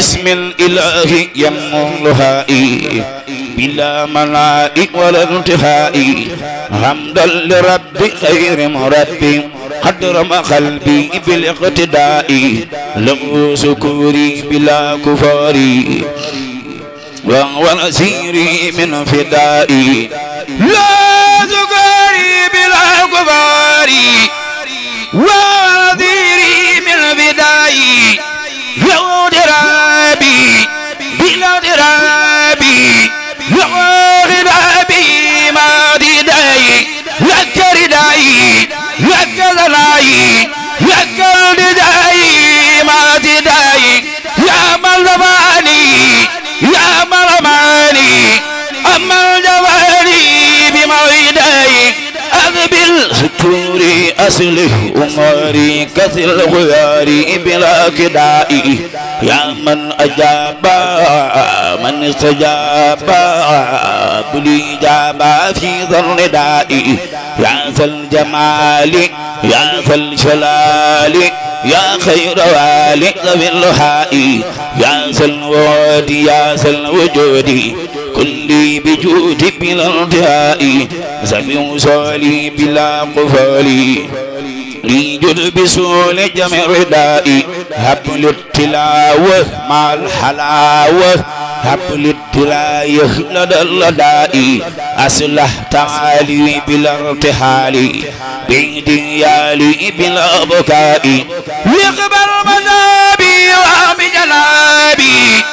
باسم الإله يملها بلا ملاء ولا انتهاء حمدا لرب خير مربي قدر ما قلبي بالاقتداء له سكوري بلا كفاري وهو نسيري من فدائي لا سكوري بلا كفاري وهو نذيري من فدائي عبادي داي لك رداي لك ذناي لك الرداي ما تداي يا من رماني يا من رماني أما الجواني ستور أسله أمري كثر الغيار بلا كدائي يا من أجاب من استجاب بلي جاب في ذا النداء يا ذا الجمال يا ذا الجلال يا خير والد ذوي الهاء يا ذا الود يا ذا الوجود كلي بجود بلا ارتهاء زمن صالي بلا قفالي لي جد بسول جمع ردائي هب للتلاوة مع الحلاوة هب للتلاية لدى اللدائي أصلح تعالي بلا ارتحال بإديالي بلا بكاء يقبل مذابي وعم جلابي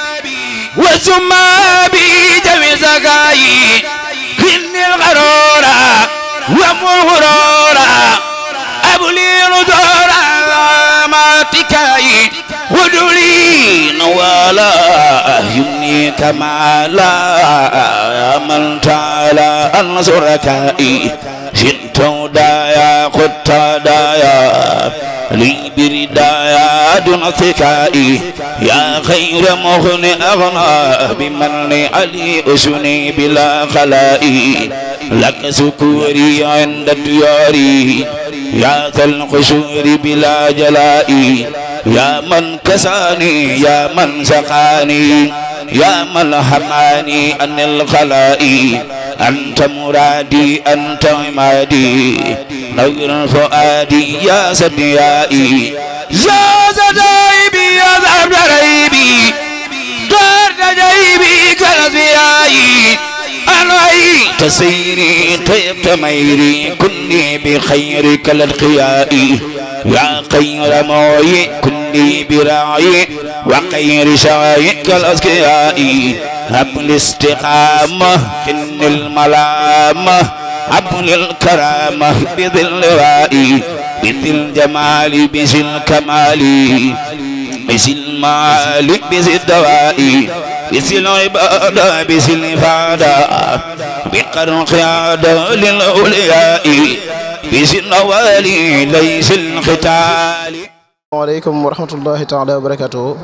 وسما بجميع زكاي إن الغرورا ومغرورا ولا يمني كما لا عملت على أنصرك شئت دايا قلت دايا لي بردايا دون ثكائي يا خير مغن أغنى بمن علي أسني بلا خلائي لك سكوري عند دياري يا ذا القشور بلا جلائي يا من كساني يا من من سقاني يا من حماني أن الخلائي أنت مرادي أنت عمادي نور فؤادي يا سديائي يا سدائبي يا سدائبي دار نجيبي أزيائي علي تسيري طيب تميري كني بخيرك للقيائي يا خير موي كني برعي وخير شعيك الأزكيائي هب الاستقامة إن الملامة أبل الكرامة بذل رائي بذل الجمال بذل الكمال بذل المال بذل الدوائي بسل عبادة بسل إفادة بقر قيادة للأولياء بسل والي ليس القتال asalaamaaleykum wa rahmatullahi taala wa barakatuhu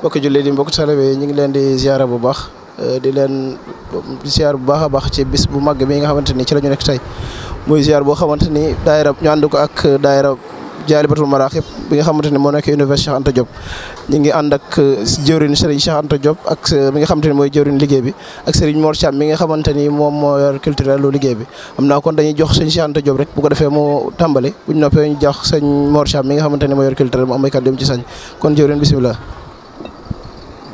mbokki jullit yi mbokki taalibe yi ñu ngi leen di ziara bu baax di leen ziar bu baax a baax ci bis bu mag bi nga xamante ni ci la ñu nekk tey muy ziar boo xamante ni daayira ñu ànd ko ak daayira jaalibatul maraaxib bi nga xamante ne moo nekk université Cheikh Anta Diop ñu ngi ànd ak uh, jëwriñ Serigne Cheikh Anta Diop ak uh, mi nga xamante ne mooy jëwriñ liggéey bi ak Serigne Mor mi nga xamante ni moom moo yor culturel liggéey bi am naa kon dañuy jox Serigne Cheikh Anta Diop rek bu ko defee mu tàmbali bu ñu noppee ñu jox Serigne mi nga xamante ne mooy yor culturel mu am ay kàddu ci sañ kon jëwriñ bisimilah.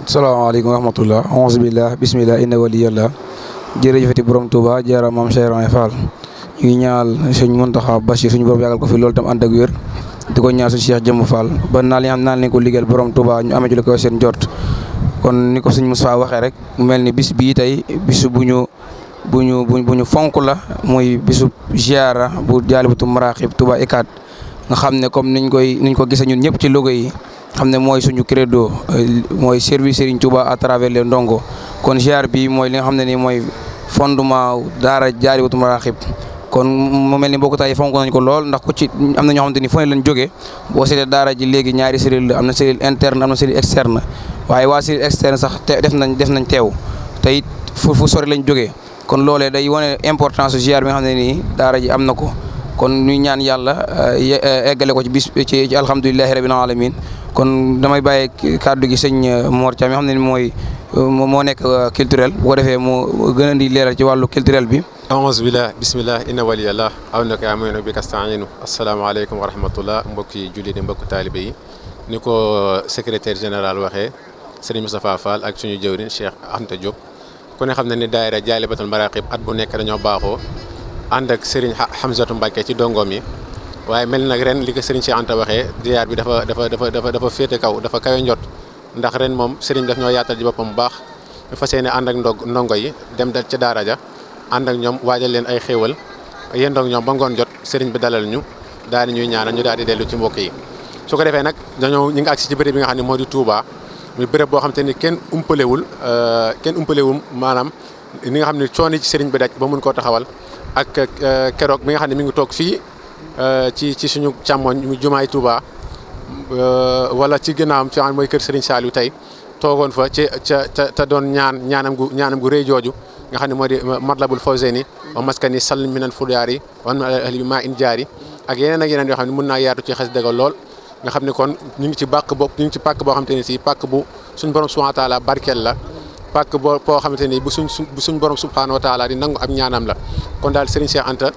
salaamaaleykum wa rahmatulah auzu billah bisimilah inna waliyallah jërëjëfati borom Touba jaara maam Cheikh Ibra Fall ñu ngi ñaanal sëñ Muntaxa Bachir suñu borom yàggal ko fi loolu tam ànd ak wér di ko ñaan su Cheikh Jëmm Fall ba naal yi xam ko liggéeyal borom tubaa ñu amee ci lu ko seen jort kon ni ko sëñ Moussa waxee rek mel ni bis bii tey bisu bu ñu bu ñu bu ñu fonk la mooy bisu ziara bu jaalibatu maraaxib tubaa Icad nga xam ne comme niñ koy niñ ko gisee ñun ñëpp ci logo yi xam ne mooy suñu credo euh, mooy service Serigne Touba à travers les ndongo kon ziar bi mooy li nga xam ne nii mooy fondement daara jaalibatu maraaxib kon mu mel ni mbokk taay fonk nañ ko lool ndax ku ci am na ñoo xamante ni fu ne lañ jógee boo seetee daara ji léegi ñaari cellule la am na cellule interne am na cellule externe waaye waa cellule externe sax def nañ def nañ teew te it fu fu lañ jógee kon loole day wane importance ziar bi nii daara ji am na ko kon nuy ñaan yàlla eh, eh, eggale ko ci bis ci ci alhamdulilahi rabbil alamin kon damay bàyyi kàddu gi sëñ eh, Mor Thiam mi nga xam ne moo nekk culturel bu defee mu gën a indi leeral ci wàllu culturel bi aouzu billah bismillah inna waliyallah aw na ko amee bi kastainu asalaamaaleykum wa rahmatullah mbokki julli di mbokki taalibe yi ni ko secretaire général waxee sëriñ Moustapha Fall ak suñu jëwriñ Cheikh Anta Diop ku ne xam na ni daayira Jaalibatul Maraqib at bu nekk dañoo baaxoo ànd ak sëriñ Hamzatu Mbàkke ci dongoom yi waaye mel nag ren li ko sëriñ Cheikh Anta waxee diyaar bi dafa dafa dafa dafa dafa féete kaw dafa kawe njot ndax ren moom sëriñ daf ñoo yaatal ji boppam bu baax fas yéene ànd ak ndog ndongo yi dem da ca daara ja ànd ak ñoom waajal leen ay xéewal yendoo ak ñoom ba ngoon jot sëriñ bi dalal ñu daal di ñuy ñaanal ñu daal di dellu ci mbokk yi su ko defee nag dañoo ñu ngi agsi ci béréb bi nga xam ne moo di Touba muy béréb boo xam ni kenn umpalewul euh, kenn umpalewum maanaam ni nga xam ne coon ci sëriñ bi daj ba mun koo taxawal ak euh, keroog bi nga xam ne mi ngi toog fii euh, ci ci suñu càmmoñ mu jumaay Touba wala ci ginnaawam ci mooy kër sëriñ Saliou tey toogoon fa ci ca ca doon ñaan ñaanam gu ñaanam gu rëy jooju nga xam ne moo di matlabul fawzeni wa maskani sall minal fudaari wan ma ahli ma in jaari ak yeneen ak yeneen yoo xam ne mën naa yaatu ci xas dëggal lool nga xam ne kon ñu ngi ci bàkk bo ñu ngi ci boo xamante ne si pàkk bu suñ borom subhana taala barkeel la pàkk boo boo xamante ni bu suñ bu suñ borom subhana wa di nangu ab ñaanam la kon daal Serigne Cheikh Anta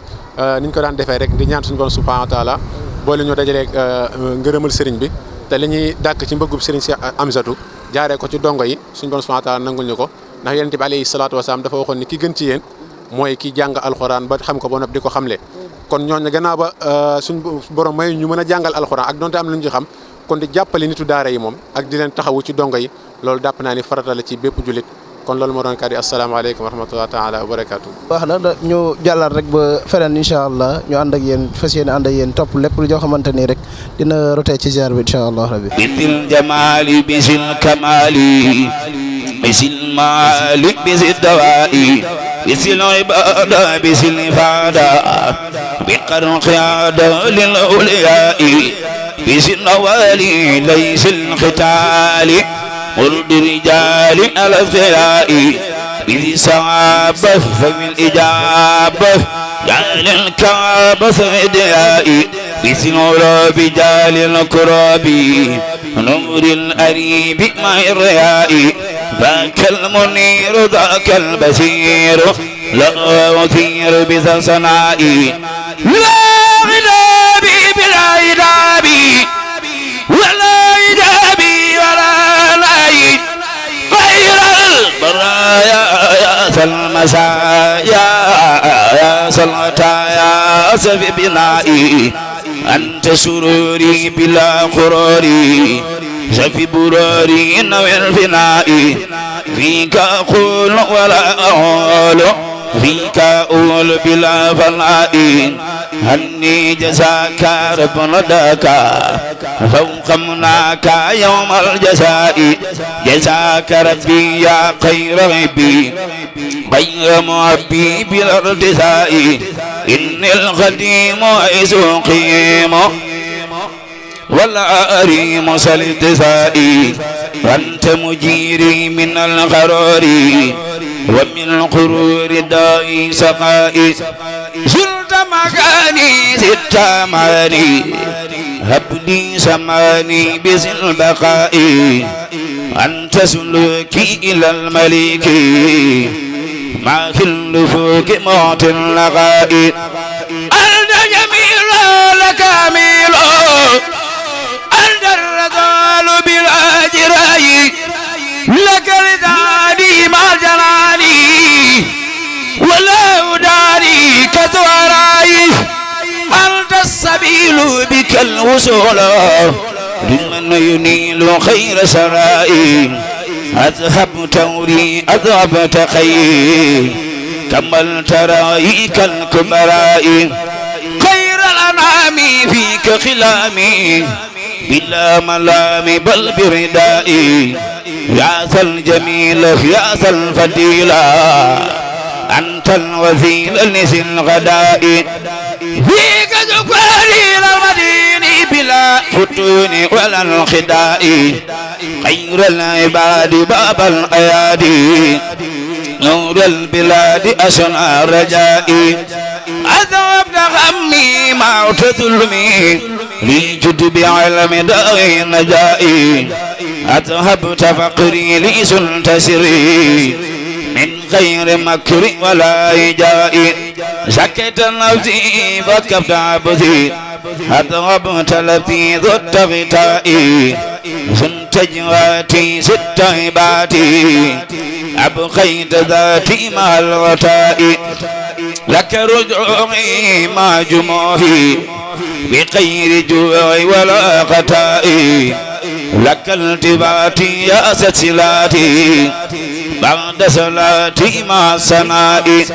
euh, ni ñu ko daan defee rek di ñaan suñu borom subhana wa taala boole ñoo dajalee euh, ngërëmal Serigne bi te li ñuy dàkk ci mbëggub Serigne Cheikh Amsatou jaaree ko ci dongo yi suñ borom subhana taala nangul ñu ko ndax yonent bi alayhi salaatu wasalaam dafa waxoon ni ki gën ci yéen mooy ki jàng alxuraan ba xam ko ba noppi di ko xamle kon ñooñu gannaaw ba euh, suñ borom may ñu mën a jàngal alxuraan ak donte am lu ñu ci xam kon di jàppale nitu daara yi moom ak di leen taxawu ci dongo yi loolu dàpp naa ni farata la ci bépp jullit kon loolu moo doon kàddu yi asalaamaaleykum wa rahmatulah taala wa barakaatu. wax na ñu jàllal rek ba feneen incha allah ñu ànd ak yéen fas yéene ànd ak yéen topp lépp lu joo xamante ni rek dina rotee ci ziar bi incha allah المعالي بس الدوائي بس العبادة بس الإفادة بقرن قيادة للأولياء بس النوالي ليس القتال مرد رجال على الثراء بس صعابة فبالإجابة جعل الكعبة فديائي بس الغراب جعل الكرابي نمر الأريب مع الرياء ذاك المنير ذاك البشير لا أثير بذا صنعائي لا عذابي بلا عذابي ولا عذابي ولا لعي غير البرايا يا سلمسا يا سلطا يا سبي بنائي أنت سروري بلا قراري شفي براري نوي الفناء فيك أقول ولا أقول فيك أول بلا فلاء هني جزاك رب نداك فوق مناك يوم الجزاء جزاك ربي يا خير ربي غير معبي بالارتزاء إني القديم وإذ قيم والعريم سلتزائي وأنت مجيري من الغرور ومن قرور داء سقاء زلت مكاني ست ماني هبني سماني بزي البقاء أنت سلوكي إلى الملك ما في النفوك موت اللقاء السبيل بك الوصول لمن ينيل خير سرائي أذهبت وري أذهبت خيري كملت رأيك الكبرائي خير الأنعام فيك خلامي بلا ملام بل بردائي يا ذا الجميل يا ذا الفضيله أنت الوسيل نسي الغداء فيك جفاري المدين بلا فتون ولا الخداء خير العباد باب الأيادي نور البلاد أصنع رجائي أذهب همي موت ظلمي للجد بعلم داء نجائي أذهبت فقري لسلت سري غير مكر ولا إجاء زكيت نفسي فكبت عبدي أطربت لفي ذو التغتائي زنت جواتي ست عبادي أبقيت ذاتي مع الغتاء لك رجوعي مع جموعي بغير جوع ولا غتاء لك التباتي يا سلسلاتي بعد صلاتي مع سمائي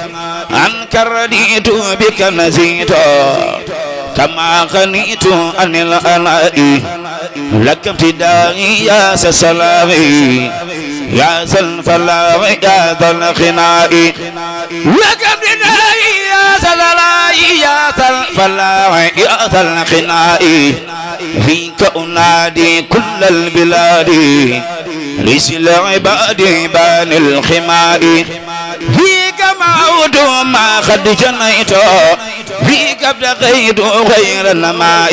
عنك رديت بك نزيت كما غنيت عن الأناء لك ابتدائي يا سلامي يا سلف الله يا ذا الخناء لك بداي يا سلالاي يا سلف الله يا ذا الخناء فيك أنادي كل البلاد رسل عبادي بان الخماء فيك موت ما قد جنيت فيك ابتغيت غير الماء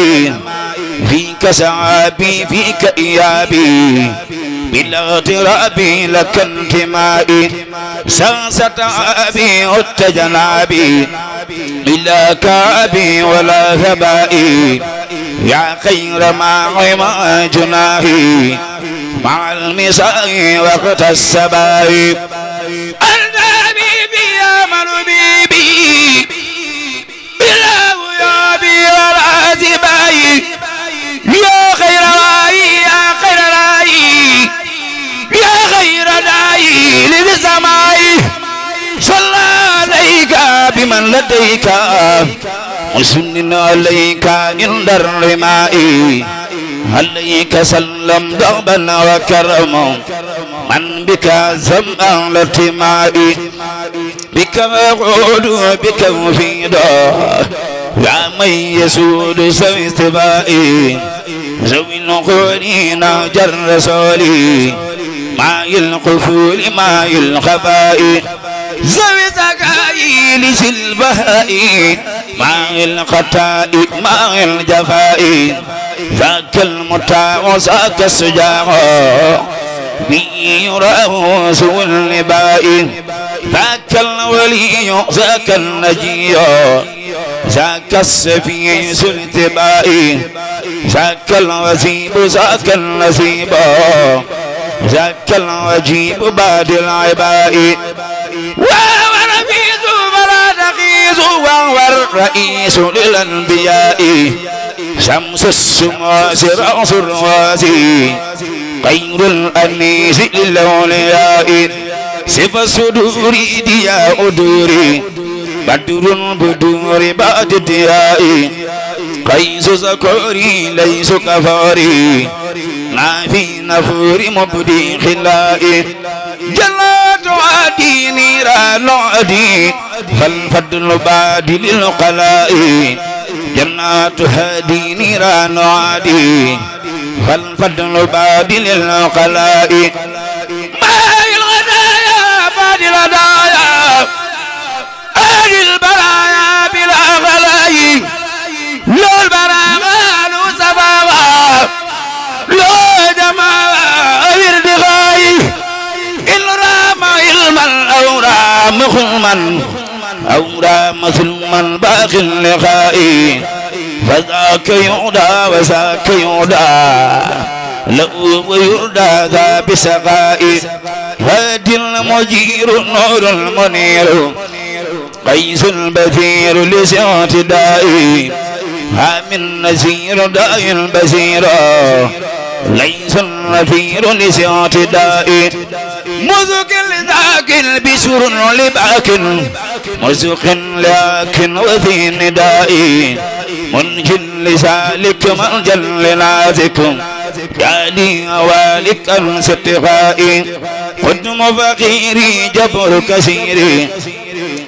فيك سعابي فيك إيابي بالاغتراب لك انتمائي سنسة أبي التجنابي إلا كابي ولا هبائي يا خير ما عما جناهي مع المساء وقت السباء أرنبي بي يا من بي بلا يا بي ولا زبائي يا خير رأي يا خير رأي yaa xayra daayi lil samaayi salla alayka bi man ladayka musinnin alayka inda rimaayi عليك سلم ضربا وكرما من بك زمع الارتماء بك أقعد بك مفيدا يا من يسود سوي استبائي زوي القرين جر رسولي ماء القفول ماء الخفاء زوي زكائي لش البهائي ماء القتاء ماء الجفاء ذاك المتاع ذاك السجاع بي يراه سوى النباء ذاك الولي ذاك النجي ذاك السفي ذو التباء ذاك الوسيب ذاك النسيب ذاك العجيب بعد العباء وهو نفيس فلا تقيس وهو الرئيس للأنبياء شمس الشماس رأس الرواسي خير الأنيس للأولياء سفى الصدور دياء دوري بدر بدور بعد الدياء قيس زكوري ليس كفاري لا في نفور مبدي خلائه جلات عادي نيران عدي فالفضل بادل القلاء جنات هادي نيران عادي فالفضل بادل القلاء ما الغدايا بادل دايا أهل البرايا بلا غلاء لا البرايا مخوما أمرا مسلما باق اللقاء فذاك يعدى وذاك يعدى لو ويردى ذا بسقاء هادي المجير نور المنير قيس البثير لسعة دائي عامل نزير داء البزير ليس النفير لسعة دائي مذك ذاك بشر لباك مرزق لكن وذي نداء منج لسالك مرجا لنازكم قادي والك انستفائي قدم فقيري جبر كثيري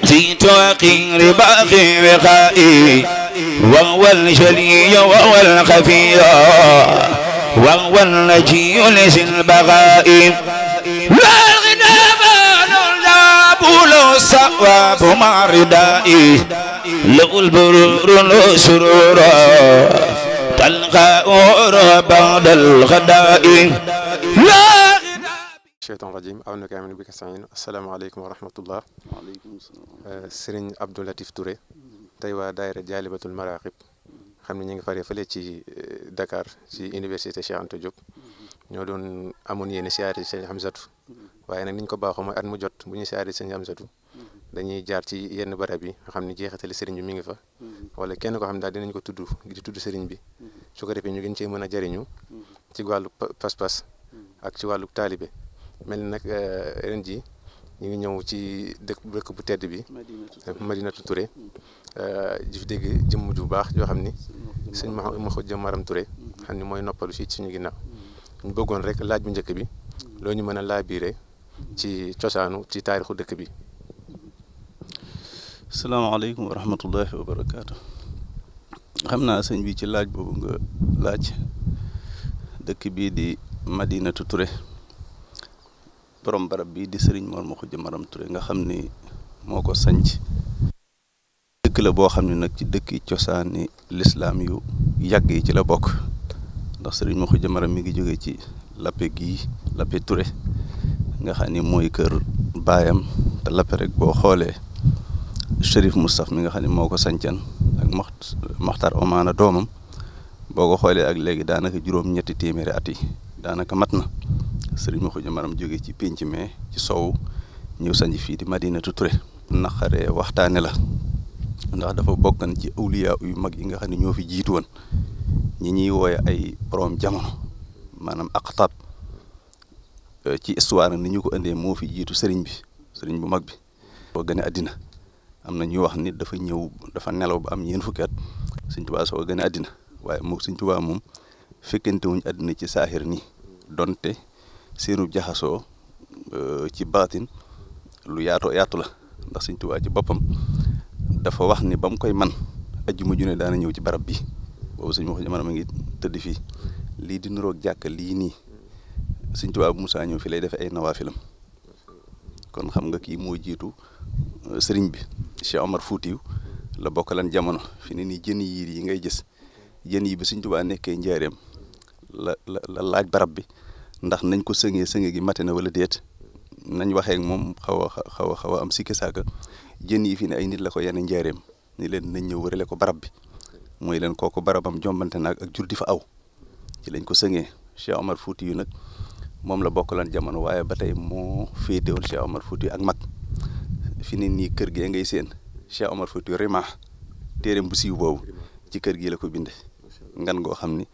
زيت وقير باقي وقائي وهو الجلي وهو الخفي وهو النجي لذي البغائي لا ثواب مع ردائي له البرر سرورا تلقى بعد الغداء لا الشيطان الرجيم أعوذ بالله بك سعين السلام عليكم ورحمة الله وعليكم السلام سرين عبد اللطيف توري tey waa daayira jaalibatul maraqib xam ne ñu ngi faree ci Dakar si université Cheikh Anta ñoo doon amoon yéen siyaare Sëriñ Hamzatu waaye nag ni ko baaxoo mooy at mu jot bu ñuy siyaare sëñ Amsatu dañuy jaar ci yenn barab yi xam ni jeexitali sëriñ bi mi ngi fa wala kenn koo xam ne daal dinañ ko tudd di tudd sëriñ bi su ko defee ñu gën cee mën a jariñu ci wàllu pas ak ci wàllu taalibe mel ni nag eh, ren ji ñu ngi ñëw ci dëkk dëkk bu tedd bi Madinatu Touré eh, ji fi dégg jëmm ju baax yoo xam ni sëñ ma ma xo jëm Maram Touré xam ni mooy noppalu fii ci suñu ginnaaw ñu bëggoon rek laaj bu njëkk bi loo ñu mën a laabiire ci cosaanu ci taarixu dëkk bi. salaamaaleykum wa rahmatullahi wa xam naa sëñ bi ci laaj boobu nga laaj dëkk bii di Madinatu ture borom barab bii di sëriñ Mor Makhoudia Maram ture nga xam ni moo ko sanc dëkk la boo xam ne nag ci dëkki cosaani lislaam yu yàgg yi ci la bokk ndax sëriñ Makhoudia Maram mi ngi jóge ci Lappé gii Lappé Touré nga xam ni mooy kër baayam te Lappé rek boo xoolee Chérif Moustapha mi nga xam ne moo ko sañcan ak maxt Maxtar Omaana doomam boo ko xoolee ak léegi daanaka juróom-ñetti téeméeri at yi daanaka mat na sëriñ Xuja Maram jóge ci pénc mais ci sow ñëw sañc fii di Madinatu Touré naqaree waxtaane la ndax dafa bokkan ci awliya yu mag yi nga xam ne ñoo fi jiitu woon ñi ñuy wooye ay borom jamono maanaam aqtab euh, ci histoire ni ko indee moo fi jiitu sëriñ bi sëriñ bu mag bi soo gën a àddina am na ñuy wax ni dafa ñëw dafa nelaw ba am ñeen fukki at sëñ Tuubaa soo gën a àddina waaye moom sëñ Tuubaa moom fekkente àddina ci saaxir nii donte seenu jaxasoo euh, ci baatin lu yaatoo yaatu la ndax sëñ Tuubaa ci boppam dafa wax ni ba mu koy man ajjuma ma ne daana ñëw ci barab bi boobu sëñ wax maanaam a ngi tëdd fii lii di niroog jàkka lii nii Sëñ Tuubaa bu ñëw fi lay defee ay nawaafilam kon xam nga kii moo jiitu euh, sëriñ bi Cheikh Omar Foutiou la bokkalan jamono fi nii jën yiir yi ngay gis jën yi bi Sëñ nekkee njaareem la la laaj barab bi ndax nañ ko sëngee sënge gi mate na wala déet nañ waxeek moom xawa a xaw a xaw am sikki saaka jën yi fi ne ay nit la ko yenn njaareem ni leen nañ ñëw warale ko barab bi mooy leen kooku barabam jombante naag ak jur di fa aw ci lañ ko sëngee Cheikh Omar Fouti yu nag moom la bokkalan jamono waaye ba tey moo féete woon Cheikh Omar Fouti ak mag fi ne nii kër gee ngay seen Cheikh Omar Fouti rima téereem bu siiw boobu ci kër gi la ko binde ngan goo xam ni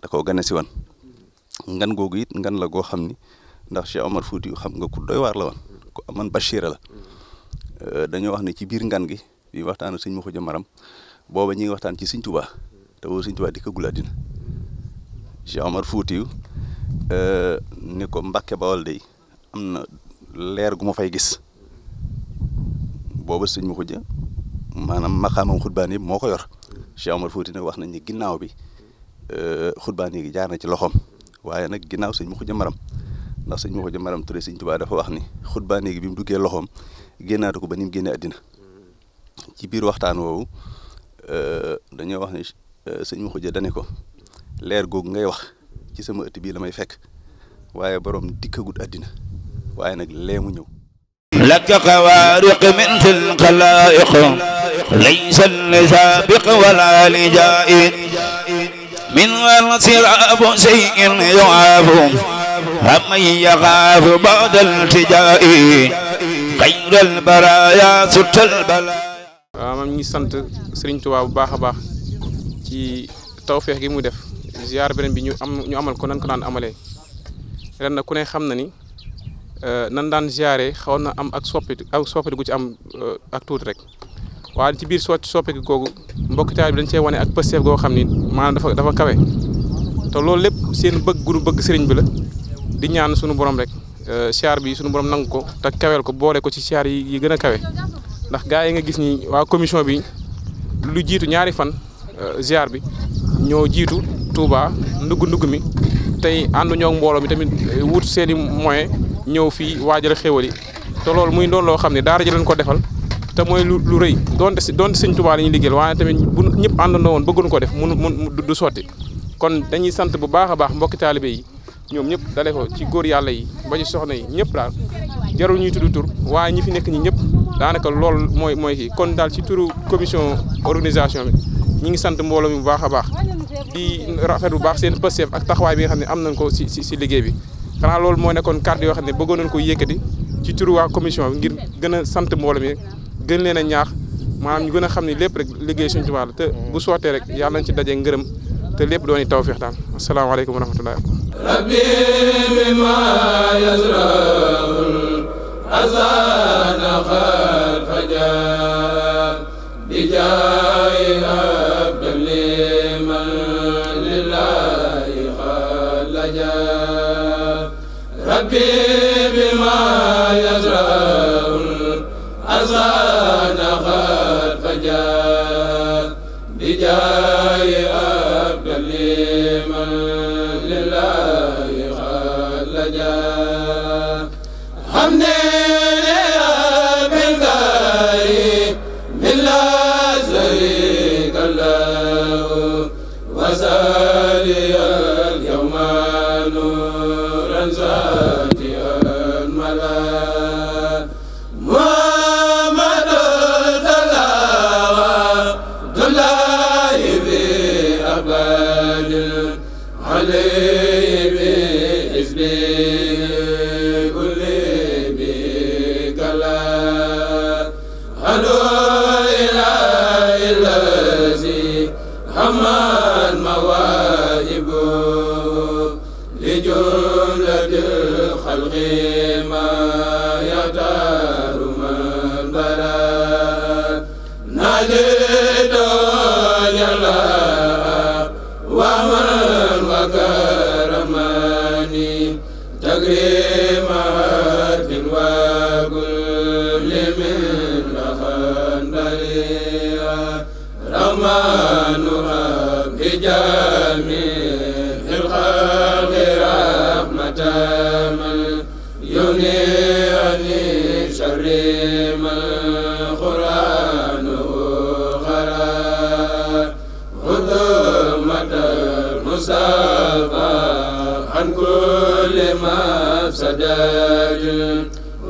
da koo gane si woon ngan googu it ngan la goo xam ni ndax Cheikh Fouti yu xam nga ku doy waar la woon ku amoon Bachira la euh, dañoo wax ne ci biir ngan gi bi waxtaan sëñ Maxuja Maram booba ñi waxtaan ci sëñ Tuubaa te woo sëñ Tuubaa di ko gula dina Cheikh Omar Foutiou euh, ni ko Mbàkke Bawol de am na leer gu ma fay gis booba sëñ ma xujja maanaam maqaamam xutbaan yi moo ko yor Cheikh Omar Foutiou nag wax nañ ni ginnaaw bi euh, xutbaan gi jaar na ci loxoom waaye nag ginnaaw sëñ ma xujja maram ndax sëñ ma xujja maram Touré sëñ Tuubaa dafa wax ni xutbaan yi bi mu duggee loxoom génnaatu ko ba ni mu génnee àddina ci biir waxtaan woowu euh, dañoo wax ni sëñ ma xujja dane ko leer googu ngay wax ci sama ëtt bii la may fekk waaye borom dikkagut àddina waaye nag lee mu ñëw laka xawaariq min fil xalaayiq li saabiq wala li jaa'id min wal siraabu shay'in yu'aafu amman yaxaafu ba'da iltijaa'i xayral baraaya suttal balaa waaw maam ñi sant Sëriñ Tuubaa bu baax a baax ci tawfeex gi mu def ziar beneen bi ñu am ñu amal ko nan ko daan amale ren na ku ne xam na ni euh, nan daan ziaree xawoon na am ak soppit ak soppit gu ci am euh, ak tuuti rek waaye ci biir soo soppiku googu mbokk taal bi dañ cee wane ak pësteef goo xam ni maanaam dafa dafa kawe te loolu lépp seen bëgg gu bëgg sëriñ bi la di ñaan suñu borom rek euh, ziar bi suñu borom nangu ko te kaweel ko boole ko ci ziar yi yi gën a kawe ndax gaa yi nga gis ni waa commission bi lu jiitu ñaari fan. Euh, ziar bi ñoo jiitu Touba ndugg ndugg mi tey ànduñoo ak mbooloo mi tamit euh, wut seen i moyen ñëw fii waajal xéwal yi te loolu muy doon loo xam ne daara ji leen ko defal te lu lu rëy donte si donte sëñ Touba la ñuy liggéeyal waaye tamit bu ñëpp àndandoo woon ko def mun mun du sotti kon dañuy sant bu baax a baax mbokki taalibe yi ñoom ñëpp dale ko ci góor yàlla yi ba ci soxna yi ñëpp daal jarul ñuy tudd waaye ñi fi nekk ñi ñëpp daanaka loolu mooy mooy kii kon daal ci turu commission organisation bi ñu ngi sant mbooloo mi bu baax a baax di rafet bu baax seen pësteef ak taxawaay bi nga xam ne am na ko si si si liggéey bi xanaa loolu moo nekkoon kàddu yoo xam ne bëggoon nañ ko yëkkati ci turu waa commission bi ngir gën a sant mbooloo mi gën leen a ñaax maanaam ñu gën a xam ne lépp rek liggéey Sëñ Tuubaa la te bu sootee rek yàlla nañ ci daje ngërëm te lépp dooni tawfeex daal asalaamaaleykum wa rahmatullahi rabbi bi ma yasraul na xal fajar bi jaay bi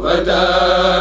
وداد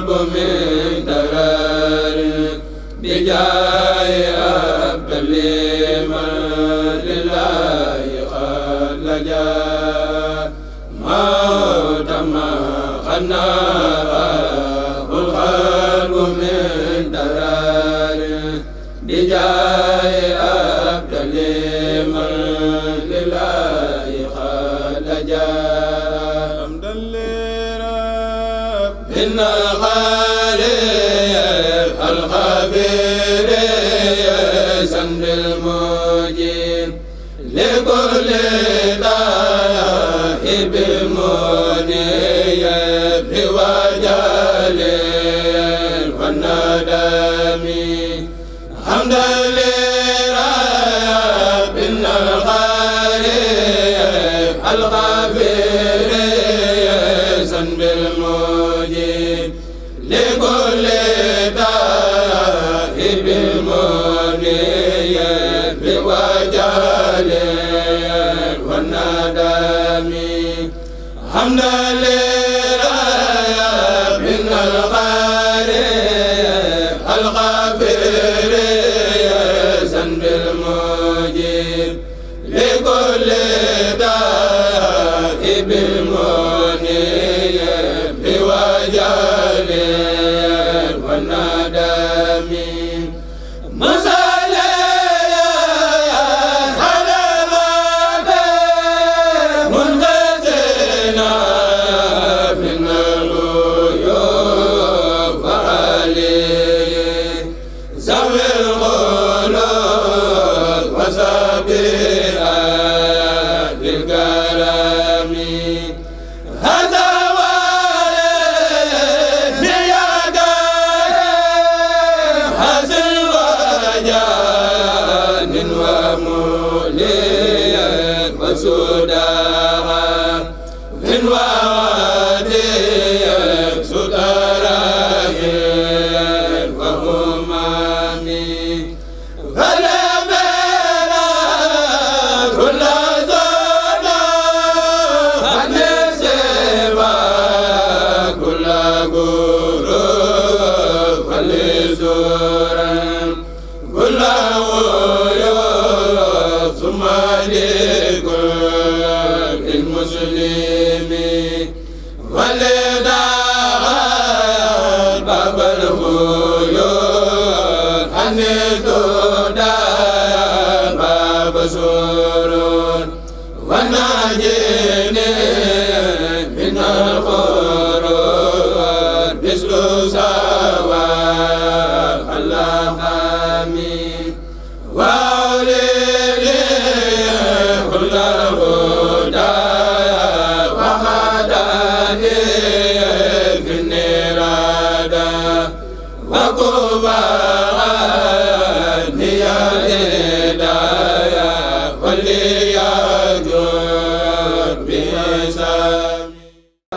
القلب من درار بجاه le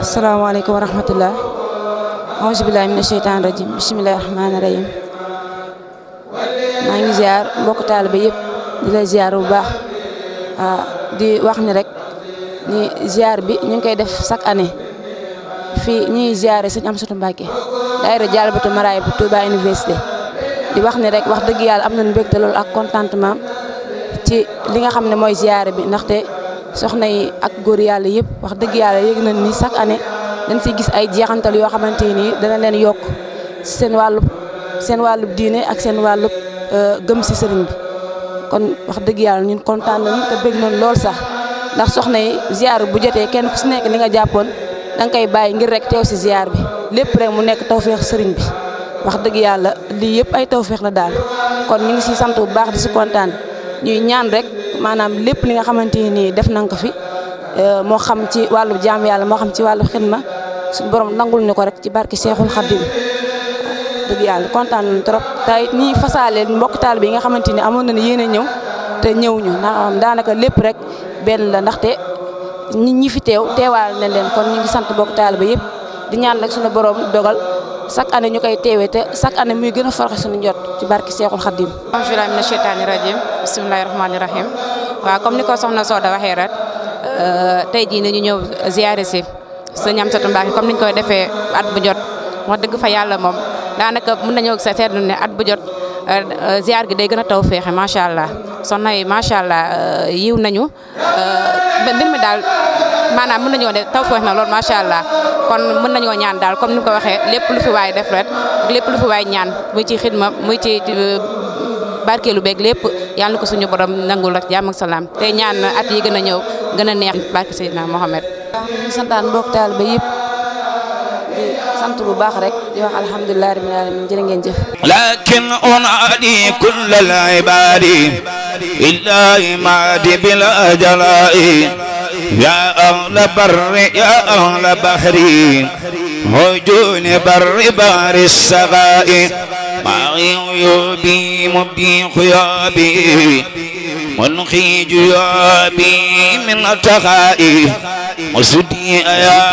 asalaamaaleykum wa rahmatullah aousubillahi mina sheytaan rajim bisimilahi rahmaani rahim maa ngi ziar mbokk taaliba yëpp di la ziar bu baax di wax ni rek ni ziar bi ñu ngi koy def chaque année fii ñuy ziare sëñ Amsatou Mbacké daayira Jaalibatu Maraayib bu Touba université di wax ni rek wax dëgg yàlla am nañu mbégte loolu ak contentement ci li nga xam ne mooy ziar bi ndaxte soxna yi ak góor yàlla yëpp wax dëgg yàlla yëg nañ ni chaque année dañ siy gis ay jeexantal yoo xamante ni dana leen yokk seen wàllub seen wàllub diine ak seen wàllub euh, gëm si sëriñ bi kon wax dëgg yàlla ñun kontaan nañu te bëgg lool sax ndax soxna yi ziar bu jotee kenn ku nekk li nga jàppoon da koy bàyyi ngir rek si ziar bi lépp rek mu nekk tawféex sëriñ bi wax dëgg yàlla lii yëpp ay tawféex la daal kon ñu ngi siy sant bu baax di si kontaan ñuy ñaan rek. maanaam lépp li nga xamante nii def nañ ko fi euh, moo xam ci wàllu jaam yàlla moo xam ci wàllu xidma suñu borom nangul ñu ko rek ci barki Seexul Xadim dëgg yàlla kontaan nañ trop te it ñiy fasaale mbokk taal bi nga xamante ni amoon nañu yéen a ñëw te ñëw ñu ndax daanaka lépp rek benn la ndaxte nit ñi fi teew teewaal nañ leen kon ñu ngi sant mbokk taal bi yëpp di ñaan nag suñu borom dogal. chaque année ñu koy teewee te chaque année muy gën a farxe suñu njot ci barki Seexul Xaddim anjula mina sheytaani rajim bismillahi rahmaani rahim waaw comme ni ko soxna Soda waxee rat euh, tey jii nañu ñëw ziare si sëñ Amsatu Mbàkke comme niñ koy defee at bu jot wax dëgg fa yàlla moom daanaka na ñëw sa seetlu ne at bu jot euh, ziar gi day gën a taw féexe macha allah soxna yi macha allah euh, yiw nañu mbir mi daal maanaam mën nañoo ne taw na lool macha allah kon mën nañoo ñaan daal comme ni ko waxee lépp lu fi waay def rek lépp lu fi waay ñaan muy ci xidma muy ci euh, barkeelu beeg lépp yàlla na ko suñu borom nangul rek jàmm ak salaam te ñaan at yi gën a ñëw gën a neex barke Seydina Mohamed. waaw ñu santaan mbokk taal ba yëpp di bu baax rek di wax alhamdulilah rabbil alamin jërë ngeen jëf. lakin unaadi kullal ibaadi illaa imaadi bila jalaa'i يا أهل بر يا أهل بحري هجون بر بار السغاء معي عيوبي مبدي خيابي منخي جيابي من التخائي مسدي أيا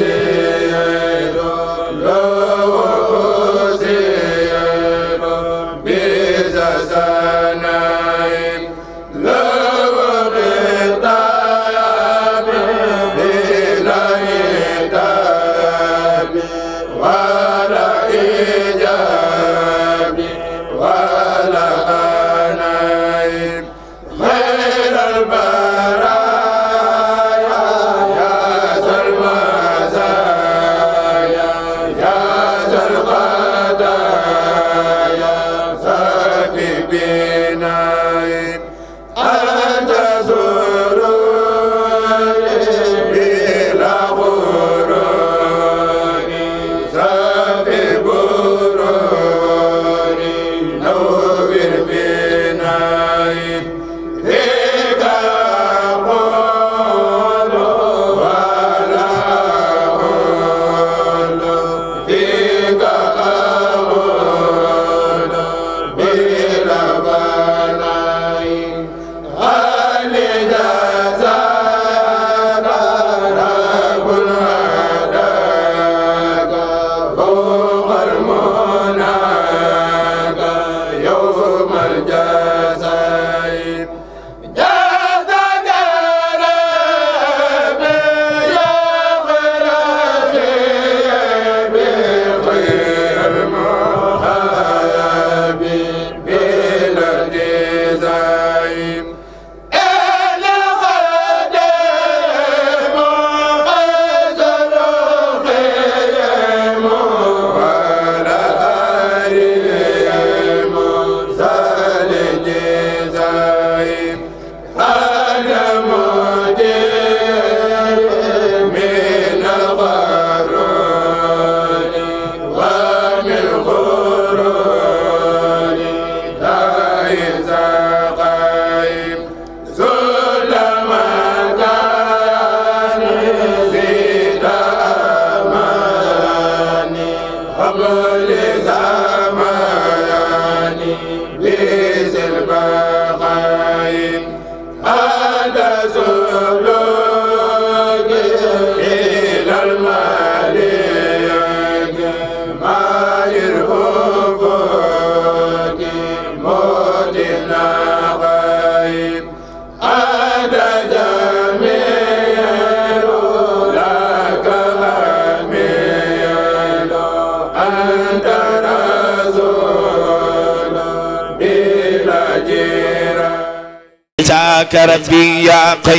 Blessed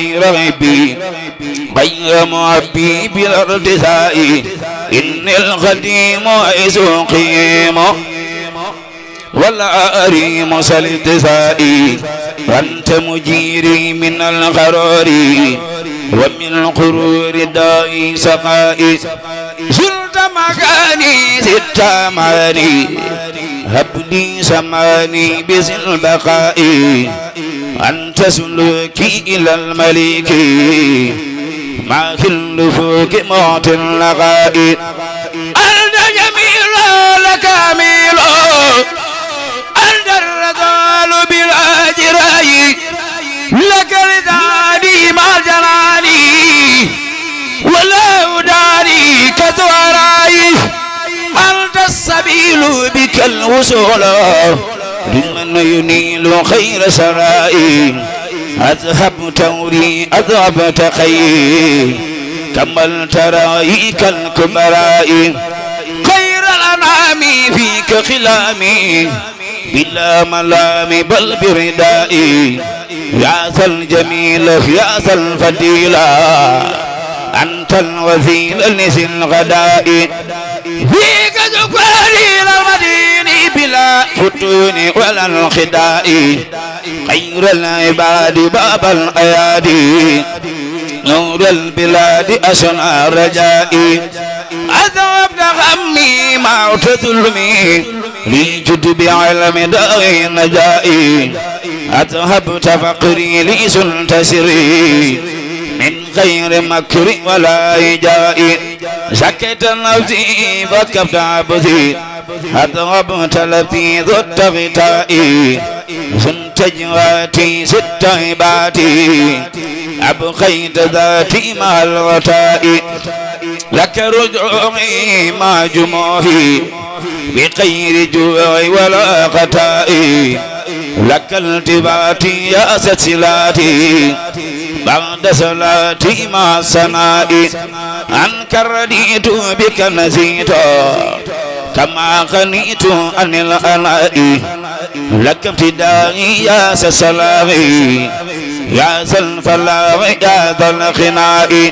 غير ربي غير مربي بالارتساء إن القديم إذ قيم والعريم سالتسائي وأنت مجيري من الغرار ومن القرور داء سقائي زرت مكاني ست ماني هبني سماني بزل بقائي سلوكي إلى المليك ما في النفوك موت لغائي أنت جميل لك ميل أنت الرجال بالأجرائي لك لداني ما جناني ولا داري كثرائي أنت السبيل بك الوصول لمن ينيل خير سرائي أذهب توري أذهب تخيي كملت رأيك الكبرائي خير الأنعام فيك خلامي بلا ملام بل بردائي يا ذا الجميل يا ذا الفضيلة أنت الوسيل لذي الغداء فيك جفاري المدينة بلا فتون ولا الخداء خير العباد باب الأيادي نور البلاد أصنع رجائي عذاب غمي موت ظلمي لجد بعلم داء نجائي أذهبت فقري لسلت سري من غير مكر ولا إجاء سكت نفسي فكبت عبدي أطرب تلفيظ التغطاء كنت جواتي ست عباتي أبقيت ذاتي مع الغطاء لك رجعي مع جموعي بغير جوع ولا غطاء لك التباتي يا سلسلاتي بعد صلاتي مع السماء عنك رديت بك نزيتا كما غنيت عن الألاء لك ابتدائي يا سسلامي يا ذا الفلاح يا ذا الخناء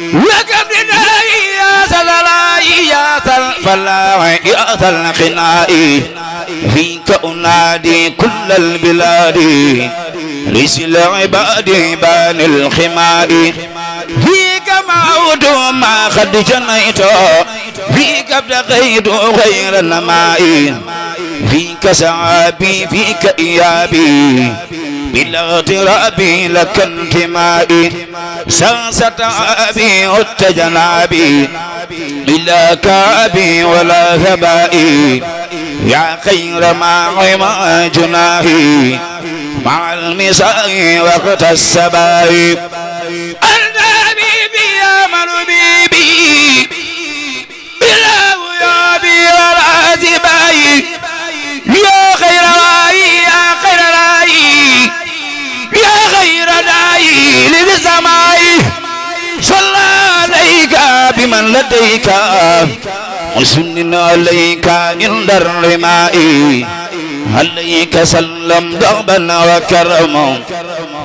لك ابتدائي يا سسلامي يا ذا الفلاح يا ذا الخناء فيك أنادي كل البلاد لسل عبادي بان الخماء في كما ما قد جنيت فيك ابتغيت خير الماء فيك سعابي فيك إيابي بالاغتراب لك انتمائي ساسة أبي والتجنابي بلا كابي ولا ثبائي يا خير ما عما جناهي مع المساء وقت السباء النبي بيعمل بي بلا غيابي ولا زباي يا خير رايي يا خير رايي يا خير رايي للسماء صلى عليك بمن لديك وسن عليك من در مائي عليك سلم ضغبا وكرما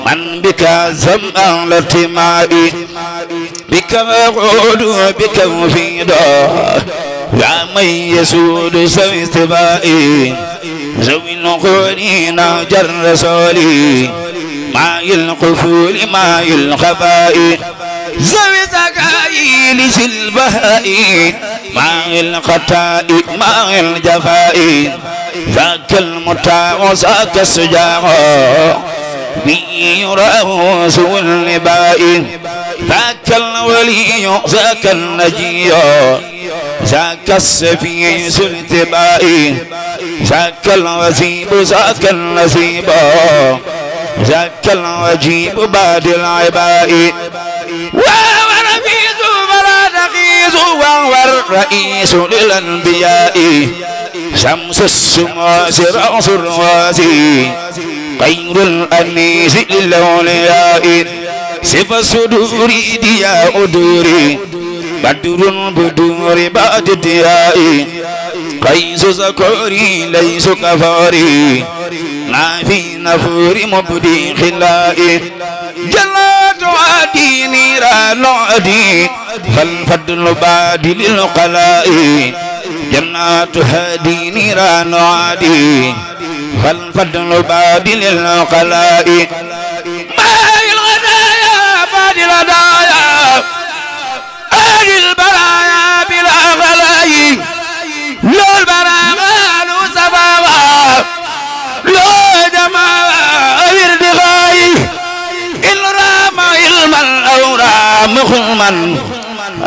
من بك زمع لاتمائي بك أقعد بك مفيدا يا من يسود سوي استبائي زوي القرين جر سولي ما القفول ما الخفائي زوي زكائي لسلبهائي ما القتائي ما الجفائي ذاك المتاع ذاك السجاع بي يراه سوى النباء ذاك الولي ذاك النجي ذاك السفي ذو الاتباع ذاك الوزيب ذاك النسيب ذاك الوجيب بعد العباء والرئيس للأنبياء شمس الشماس رأس الرواسي خير الأنيس للأولياء سفى الصدور دياء دوري بدر بدور بعد ديائي قيس زكوري ليس كفاري ما في نفور مبدي خلائي جلات عدي نيران عدي فالفضل بادل القلاء جنات هادي نيران عادي فالفضل بادل القلاء ما الغدايا بادل دايا أهل البرايا بلا غلاي لو البراغان سبابا لو جماعة ورد غاي إن رام علما أو رام خلما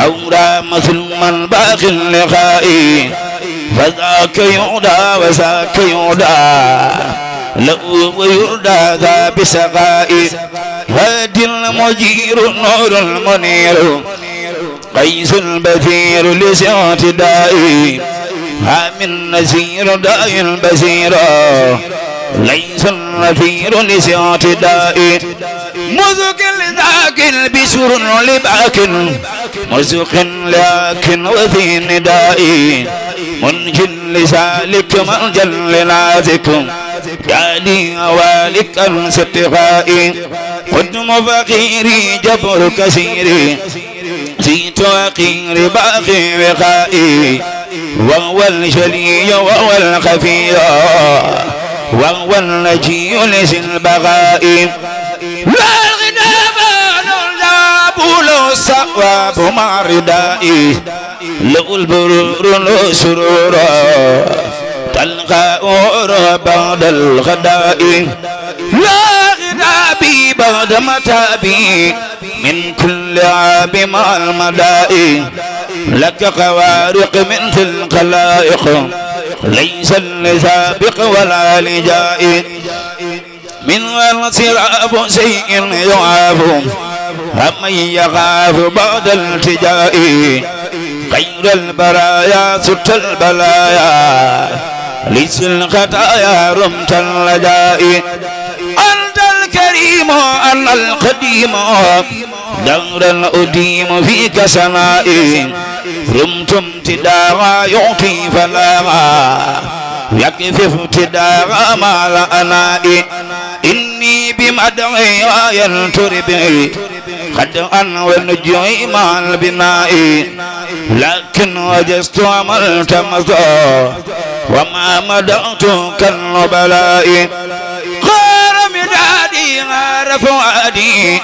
أو رام ظلما باق اللقاء فذاك يعدى وذاك يعدى له ويردى ذا بسقاء هادي المجير النور المنير قيس البثير لسعة دائي هام النزير داء البزير ليس النفير لسعة دائي مزق لذاك بشر لباك مزق لكن وفي ندائي منجل لسالك مرجل لنازكم يادي والك الستغائي قدم فقيري جبر كثيري زيت وقير باقي وقائي وهو الجلي وهو الخفي وهو النجي لذي البغائي لا ثواب مع ردائي له البرور له سرور تلقى بعد الغداء لا غنابي بعد متابي من كل عاب مع المدائي لك خوارق من في الخلائق ليس لسابق ولا لجائد من غير سراب شيء يعافه همن يخاف بعد التجاء خير البرايا ست البلايا ليس الخطايا رمت اللجاء أنت الكريم أنا القديم دور الأديم فيك سنائي رمت امتداها يعطي فلاها يكفف ابتداء ما لأنائي إني بمدعي آية تربي قد والنجوي مع البناء لكن وجست عملت مضى وما مدعت كالنبلاء قال مدادي غار فؤادي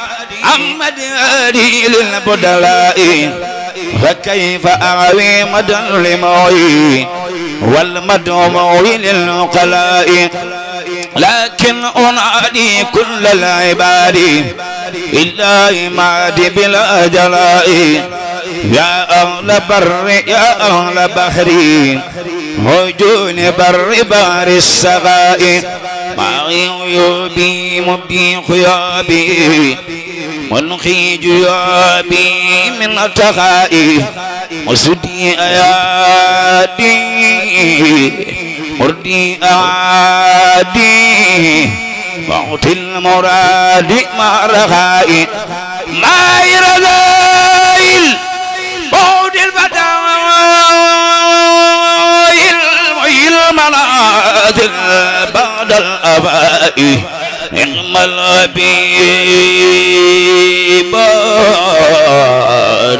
أحمد هادي للبدلاء فكيف أعوي مدى لموي والمدعو مويل العقلاء لكن أنادي كل العباد إلا إماد بلا جلاء يا أهل بر يا أهل بحري هجون بر بار السغاء ما عيوبي مبي خيابي ونخي جيابي من التخائي وسدي أيادي مردي أعادي فأعطي المراد مع رخائي ما يرذيل بعد البدائل المنازل بعد الأبائي نعم الحبيب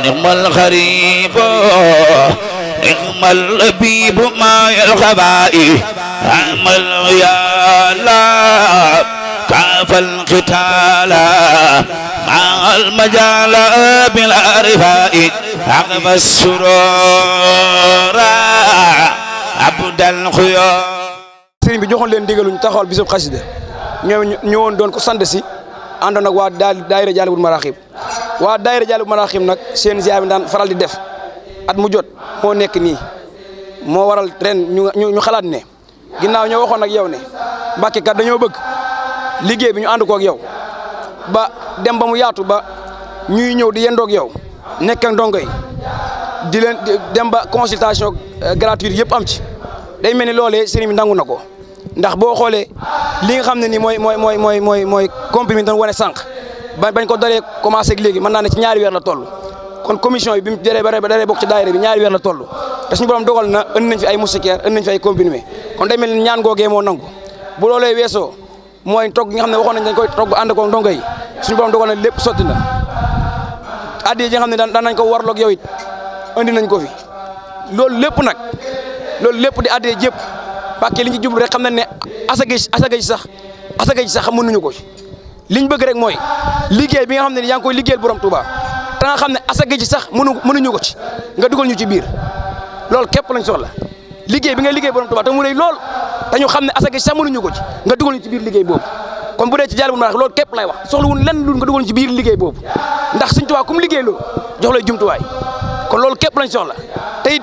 نعم الخريب نعم اللبيب ما الخبائي عمل يا الله كاف القتال مع المجال بالعرفاء عقب السرور عبد الخيار sëriñ bi joxoon leen ndigaluñ taxawal bisub xasida ñoo ñëwoon doon ko sant si àndoon nag waa daayira mara Maraaxib waa daayira Jaalibul Maraaxib nag seen si bi daan faral di def at mu jot moo nekk nii moo waral ren ñu ñu xalaat ne ginnaaw ñoo waxoon nag yow ne Mbàkke kat dañoo bëgg liggéey bi ñu ànd koog yow ba dem ba mu yaatu ba ñuy ñëw di yendoog yow nekk ak ndongo yi di leen dem ba consultation eh, gratuite yëpp am ci day mel ni loolee sëriñ bi nangu na ko. ndax boo xoolee li nga xam ne nii mooy mooy mooy mooy mooy mooy comprimé doon wane ba bañ ko dalee commencé ak léegi mën naa ne ci ñaari weer la toll kon commission bi bi mu daree ba daree bokk ci daayira bi ñaari weer la toll te suñu borom dogal na ënd nañ fi ay moustiquaires ënd nañ moo nangu bu loolee weesoo mooy togg nga xam ne waxoon nañ dañ koy togg ànd ko ndongo yi suñu borom dogal na lépp sotti na addi yi xam ne daan nañ ko warloog yow it andi nañ ko fi loolu lépp nag loolu lépp di addi jëpp Mbàkke li ñu jublu rek xam nañ ne asaka asaka sax asaka ji sax mënuñu ko ci liñ bëgg rek mooy liggéey bi nga xam ne yaa ngi koy liggéeyal borom Touba te nga xam ne asaka ji sax mënu mënuñu ko ci nga dugal ñu ci biir loolu képp lañ soxla liggéey bi nga liggéey borom Touba te mu rëy xam ne asaka ji sax mënuñu ko ci nga dugal ci biir liggéey boobu kon bu dee ci jàllbu marax loolu képp lay wax soxla wuñ lenn lu nga dugal ñu ci biir liggéey boobu ndax Sëñ Touba ku mu liggéey loolu jox lay jumtuwaay kon loolu képp lañ soxla te it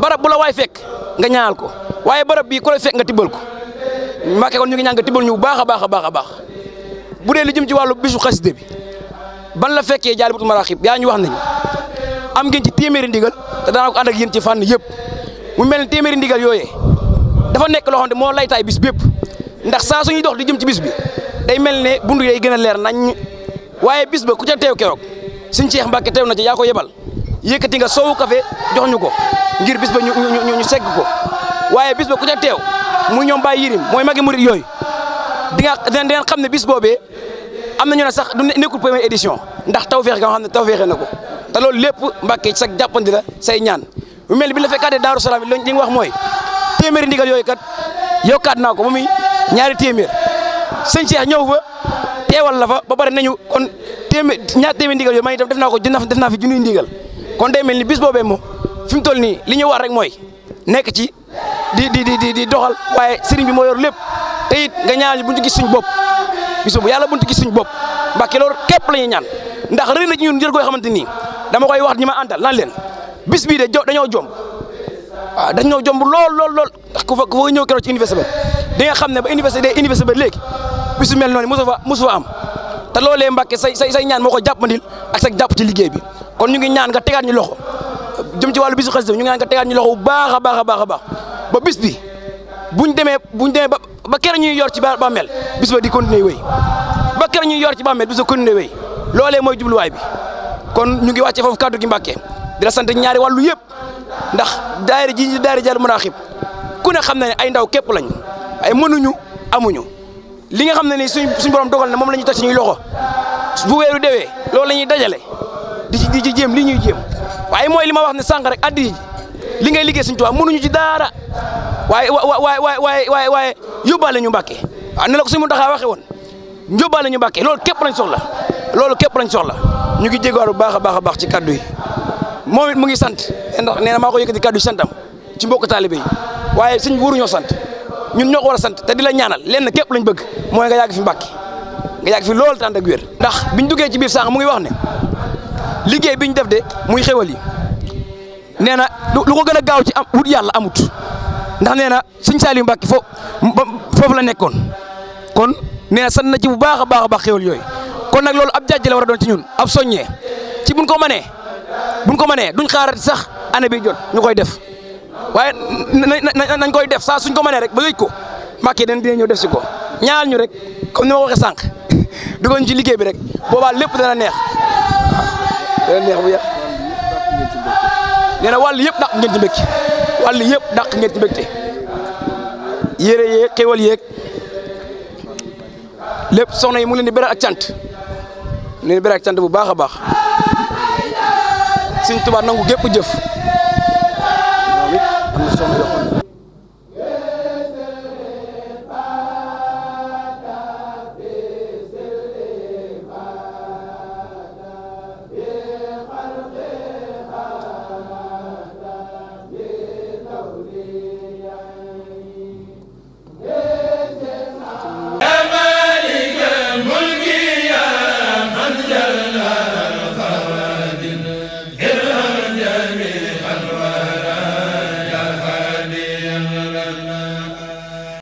barab bu la waay fekk nga ñaanal ko waaye barab bii ku la fekk nga tibbal ko Mbàkke kon ñu ngi ñaan nga tibbal ñu bu baax a baax a baax a baax bu dee li jëm ci wàllu bisu xasida bi ban la fekkee Jaalibatul Maraaxib yaa ñu wax nañ am ngeen ci téeméeri ndigal te daanaa ko ànd yéen ci fànn yëpp mu mel ni téeméeri ndigal yooyee dafa nekk loo ne moo lay taay bis bépp ndax saa suñuy dox di jëm ci bis bi day mel ne bundu day gën a leer nañ waaye bis ba ku ca teew keroog suñ Seex Mbàkke teew na ci yaa ko yebal yëkkati nga soowu café jox ñu ko ngir bis ba ñu ñu segg ko waaye bis ba ku ca teew mu ñoom Baye Yirim mooy magi murit yooyu di nga di ngeen xam ne bis boobee am na ñu ne sax du nekkul première édition ndax tawféex nga xam ne taw tawféexee na ko te loolu lépp Mbàkke sa jàppandi la say ñaan mu mel bi la fekkaatee Daaru Salaam li nga wax mooy téeméeri ndigal yooyu kat yokkaat naa ko ba muy ñaari téeméer sëñ Cheikh ñëw fa teewal la fa ba pare ñu kon te ñaar téeméer ndigal yooyu man itam def naa ko def naa fi junniy ndigal kon day mel ni bis boobee moom fi mu toll nii li ñu war rek mooy nekk ci di di di di doxal waaye sëriñ bi moo yor lépp te yit nga ñaan bu ñu gis suñ bopp bisu bu yàlla bu ñu gis suñ bopp Mbàkke loolu képp la ñuy ñaan ndax rëy na ci ñun njër koy xamante nii dama koy wax ñi ma àndal lan leen bis bii de jo dañoo jomb waaw dañoo jomb lool lool lool ku fa ku fa ñëw keroog ci université ba nga xam ne ba université de université ba léegi bisu mel noonu mosu fa am te loolee Mbàkke say say say ñaan moo ko jàppandil ak sa ci liggéey bi kon ñu ngi ñaan nga tegaat ñi loxo jëm ci wàllu bisu xasida ñu ngi ñaan nga tegaat ñu loxo bu baax a baax a a baax ba bis bi buñ demee buñ demee ba ba kere ñuy yor ci bàmmeel bis ba di continuer wéy ba kere ñuy yor ci bàmmeel bis ba continuer wéy loolee mooy jubluwaay bi kon ñu ngi wàccee foofu kàddu gi Mbàkke di la sant ñaari wàllu yëpp ndax daayira ji daari daayira jàll munaaxib ku ne xam na ne ay ndaw képp lañ ay mënuñu amuñu li nga xam ne ni suñ suñ borom dogal na moom la ñuy toj suñuy loxo bu weeru dewee loolu la ñuy dajale di ci di ci jéem li ñuy jéem waaye mooy li ma wax ne sànq rek addi li ngay liggéey Sëñ Tuubaa mënuñu ci daara waaye waaye waaye waaye waaye yóbbaale ñu Mbàkke waaw ne la ko suñu taxaa waxee woon yóbbaale ñu Mbàkke loolu képp lañ soxla loolu képp lañ soxla ñu ngi jégalu bu baax a baax a baax ci kaddu yi moom it mu ngi sant ndax nee na maa ko yëkkati kaddu santam ci mbokk taalibe yi waaye sëñ ñoo sant ñun ñoo ko sant te di la ñaanal lenn képp lañ bëgg mooy nga yàgg fi Mbàkke nga yàgg loolu tànd ak ndax biñ duggee ci biir sànq mu ngi wax ne liggéey bi ñu def de muy xéwal yi nee na lu ko gën a gaaw ci am wut yàlla amut ndax nee na sëñ Saliou Mbacke fo foofu la nekkoon kon nee na sant na ci bu baax a baax a baax xéwal yooyu kon nag loolu ab jàjj la war a doon ci ñun ab soññee ci buñ ko mënee buñ ko mënee duñ xaarati sax année bi jot ñu koy def waaye nañ koy def saa suñ ko mënee rek ba yëj ko Mbacke den dina ñëw def si ko ñaal ñu rek comme ni ma ko waxee sànq dugal ñu ci liggéey bi rek booba lépp dana neex. dana neex bu yàq nee na wàll yëpp dàq ngeen ci mbégte wàll yëpp dàq ngeen ci mbégte yére yeeg xéwal yeeg lépp soxna yi mu ngi leen di beral ak cant mu leen di beral ak cant bu baax a baax Sëñ Tuubaa nangu gépp jëf.